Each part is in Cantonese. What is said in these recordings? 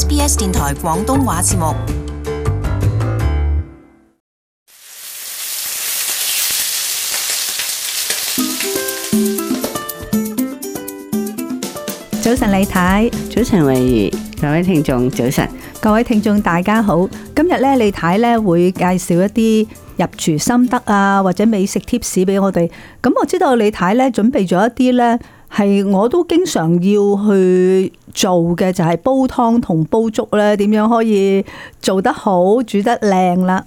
SBS 電台廣東話節目。早晨李太，早晨慧如，各位聽眾早晨，各位聽眾大家好。今日咧，李太咧會介紹一啲入廚心得啊，或者美食貼士俾我哋。咁我知道李太咧準備咗一啲咧。係我都經常要去做嘅，就係、是、煲湯同煲粥咧，點樣可以做得好、煮得靚啦，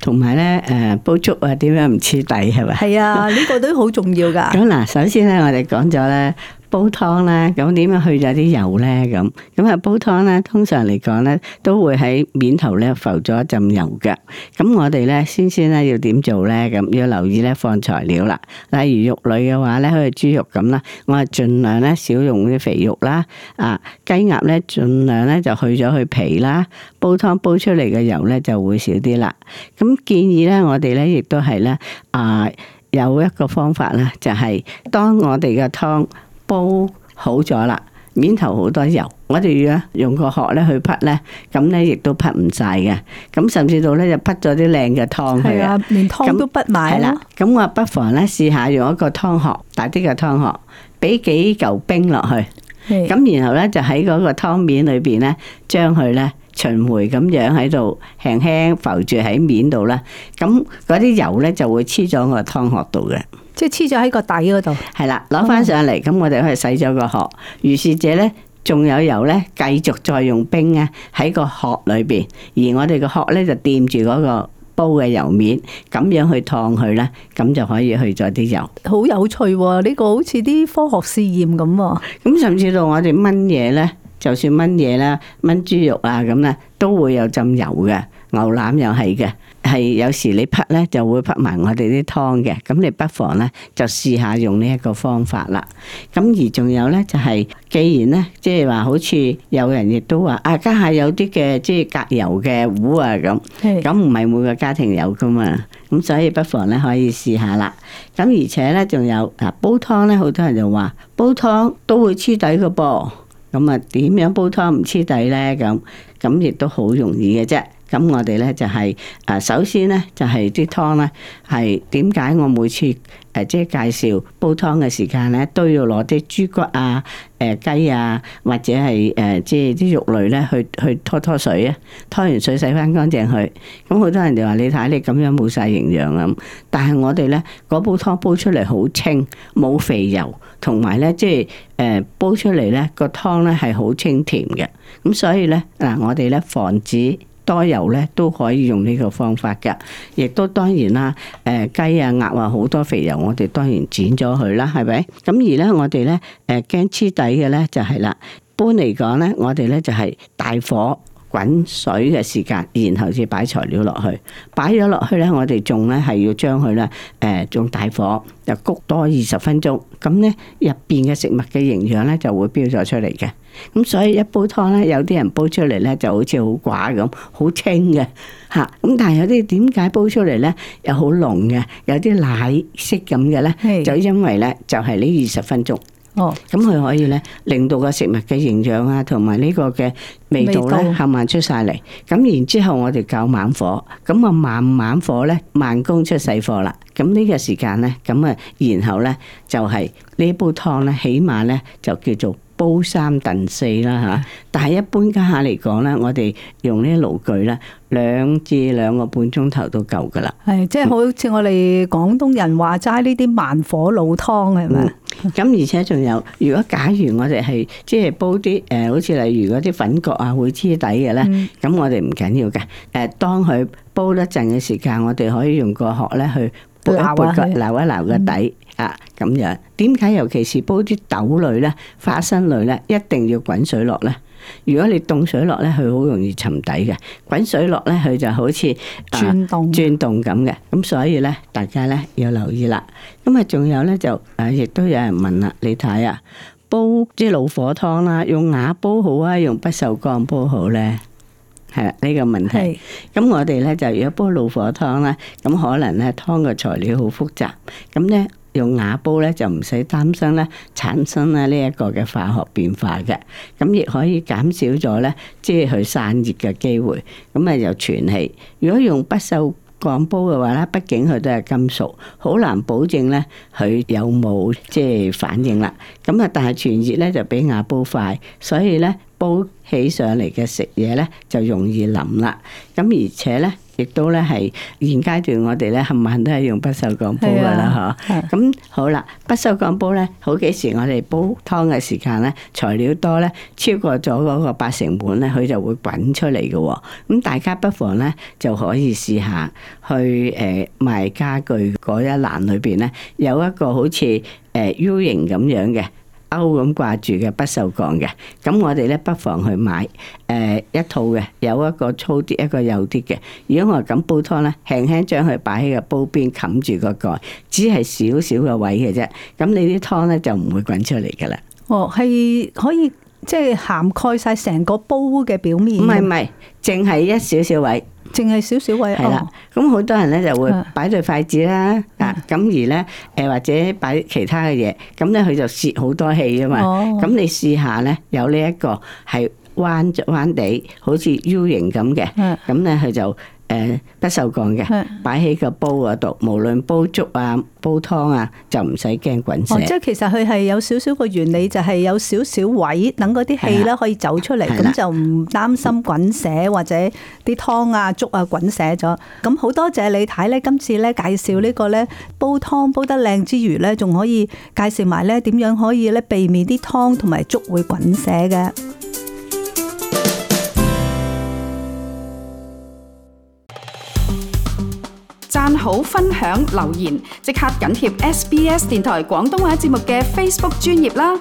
同埋咧誒煲粥啊，點樣唔黐底係咪？係啊，呢個都好重要㗎。咁嗱， 首先咧，我哋講咗咧。煲湯啦，咁點樣去咗啲油咧？咁咁啊，煲湯啦，通常嚟講咧，都會喺面頭咧浮咗一陣油嘅。咁我哋咧，先先咧要點做咧？咁要留意咧，放材料啦。例如肉類嘅話咧，好似豬肉咁啦，我係盡量咧少用啲肥肉啦。啊，雞鴨咧，盡量咧就去咗佢皮啦。煲湯煲出嚟嘅油咧就會少啲啦。咁、啊、建議咧，我哋咧亦都係咧，啊有一個方法咧，就係、是、當我哋嘅湯。煲好咗啦，面頭好多油，我哋用個殼咧去匹咧，咁咧亦都匹唔晒嘅，咁甚至到咧就匹咗啲靚嘅湯啊，連湯都不埋咯。咁我不妨咧試下用一個湯殼，大啲嘅湯殼，俾幾嚿冰落去，咁的然後咧就喺嗰個湯面裏邊咧將佢咧。循迴咁樣喺度輕輕浮住喺面度啦，咁嗰啲油咧就會黐咗個湯殼度嘅，即係黐咗喺個底嗰度。係啦，攞翻上嚟，咁、哦、我哋可以洗咗個殼。如是者咧，仲有油咧，繼續再用冰啊喺個殼裏邊，而我哋個殼咧就掂住嗰個煲嘅油面，咁樣去燙佢咧，咁就可以去咗啲油。好有趣喎、哦，呢、呢個好似啲科學試驗咁喎、哦。咁甚至到我哋燜嘢咧。就算燜嘢啦，燜豬肉啊咁咧，都會有浸油嘅，牛腩又係嘅，係有時你燉咧就會燉埋我哋啲湯嘅，咁你不妨咧就試下用呢一個方法啦。咁而仲有咧就係、是，既然咧即係話好似有人亦都話啊，家下有啲嘅即係隔油嘅壺啊咁，咁唔係每個家庭有噶嘛，咁所以不妨咧可以試下啦。咁而且咧仲有嗱，煲湯咧好多人就話煲湯都會黐底嘅噃。咁啊，點樣煲湯唔黐底咧？咁咁亦都好容易嘅啫。咁我哋咧就係誒，首先咧就係啲湯咧係點解我每次誒即係介紹煲湯嘅時間咧都要攞啲豬骨啊、誒雞啊或者係誒即係啲肉類咧去去拖拖水啊，拖完水洗翻乾淨佢。咁好多人就話：你睇你咁樣冇晒營養啊！但係我哋咧嗰煲湯煲出嚟好清，冇肥油，同埋咧即係誒煲出嚟咧個湯咧係好清甜嘅。咁所以咧嗱，我哋咧防止。多油咧都可以用呢個方法嘅，亦都當然啦，誒、呃、雞啊、鴨啊好多肥油，我哋當然剪咗佢啦，係咪？咁而咧，我哋咧誒驚黐底嘅咧就係、是、啦，般嚟講咧，我哋咧就係、是、大火。滾水嘅時間，然後先擺材料落去，擺咗落去咧，我哋仲咧係要將佢咧，誒、呃，仲大火又焗多二十分鐘，咁咧入邊嘅食物嘅營養咧就會標咗出嚟嘅，咁、嗯、所以一煲湯咧，有啲人煲出嚟咧就好似好寡咁，好清嘅吓，咁、嗯、但係有啲點解煲出嚟咧又好濃嘅，有啲奶色咁嘅咧，是就因為咧就係呢二十分鐘。哦，咁佢可以咧，令到個食物嘅營養啊，同埋呢個嘅味道咧，冚唪唥出晒嚟。咁然之後我哋較猛火，咁啊慢慢火咧，慢工出細貨啦。咁呢個時間咧，咁啊然後咧就係、是、呢煲湯咧，起碼咧就叫做。煲三燉四啦嚇，但係一般家下嚟講咧，我哋用呢啲爐具咧，兩至兩個半鐘頭都夠噶啦。係，即係好似我哋廣東人話齋呢啲慢火老湯係咪？咁、嗯、而且仲有，如果假如我哋係即係煲啲誒、呃，好似例如嗰啲粉葛啊、會黐底嘅咧，咁、嗯、我哋唔緊要嘅。誒、呃，當佢煲一陣嘅時間，我哋可以用個殼咧去。撥一撥佢，留一留個底啊，咁樣。點解尤其是煲啲豆類咧，花生類咧，一定要滾水落咧？如果你凍水落咧，佢好容易沉底嘅。滾水落咧，佢就好似轉動、啊、轉動咁嘅。咁所以咧，大家咧要留意啦。咁啊，仲有咧就啊，亦都有人問啦，你睇啊，煲啲、就係、老火湯啦、啊，用瓦煲好啊，用不銹鋼煲好咧、啊？係啊，呢個問題。咁的我哋咧就如果煲老火湯咧，咁可能咧湯嘅材料好複雜，咁咧用瓦煲咧就唔使擔心咧產生咧呢一個嘅化學變化嘅，咁亦可以減少咗咧即係佢散熱嘅機會，咁啊又傳氣。如果用不鏽鋼鋼煲嘅話咧，畢竟佢都係金屬，好難保證咧佢有冇即係反應啦。咁啊，但係傳熱咧就比瓦煲快，所以咧煲起上嚟嘅食嘢咧就容易腍啦。咁而且咧。亦都咧係現階段，我呢，我哋咧冚唪唥都係用不鏽鋼煲噶啦嗬。咁、啊啊、好啦，不鏽鋼煲咧，好幾時我哋煲湯嘅時間咧，材料多咧，超過咗嗰個八成滿咧，佢就會滾出嚟嘅、哦。咁大家不妨咧，就可以試下去誒、呃、賣家具嗰一欄裏邊咧，有一個好似誒、呃、U 型咁樣嘅。包咁掛住嘅不鏽鋼嘅，咁我哋咧不妨去買誒、呃、一套嘅，有一個粗啲，一個幼啲嘅。如果我咁煲湯咧，輕輕將佢擺喺個煲邊，冚住個蓋，只係少少嘅位嘅啫。咁你啲湯咧就唔會滾出嚟㗎喇。哦，係可以即係、就是、涵蓋晒成個煲嘅表面。唔係唔係，淨係一少少位。淨係少少位。係啦，咁好多人咧就會擺對筷子啦，啊的，咁而咧誒或者擺其他嘅嘢，咁咧佢就泄好多氣啊嘛。咁、哦、你試下咧，有呢、這、一個係彎彎地，好似 U 型咁嘅，咁咧佢就。誒、嗯，不鏽鋼嘅擺喺個煲嗰度，無論煲粥啊、煲湯啊，就唔使驚滾瀉，哦。即係其實佢係有少少個原理，就係、是，有少少位等嗰啲氣咧可以走出嚟，咁的就唔擔心滾瀉或者啲湯啊、粥啊滾瀉咗。咁好多謝李太呢。今次呢介紹呢、這個咧煲湯煲得靚之餘呢，仲可以介紹埋呢點樣可以咧避免啲湯同埋粥會滾瀉嘅。好分享留言，即刻緊貼 SBS 電台廣東話節目嘅 Facebook 專頁啦！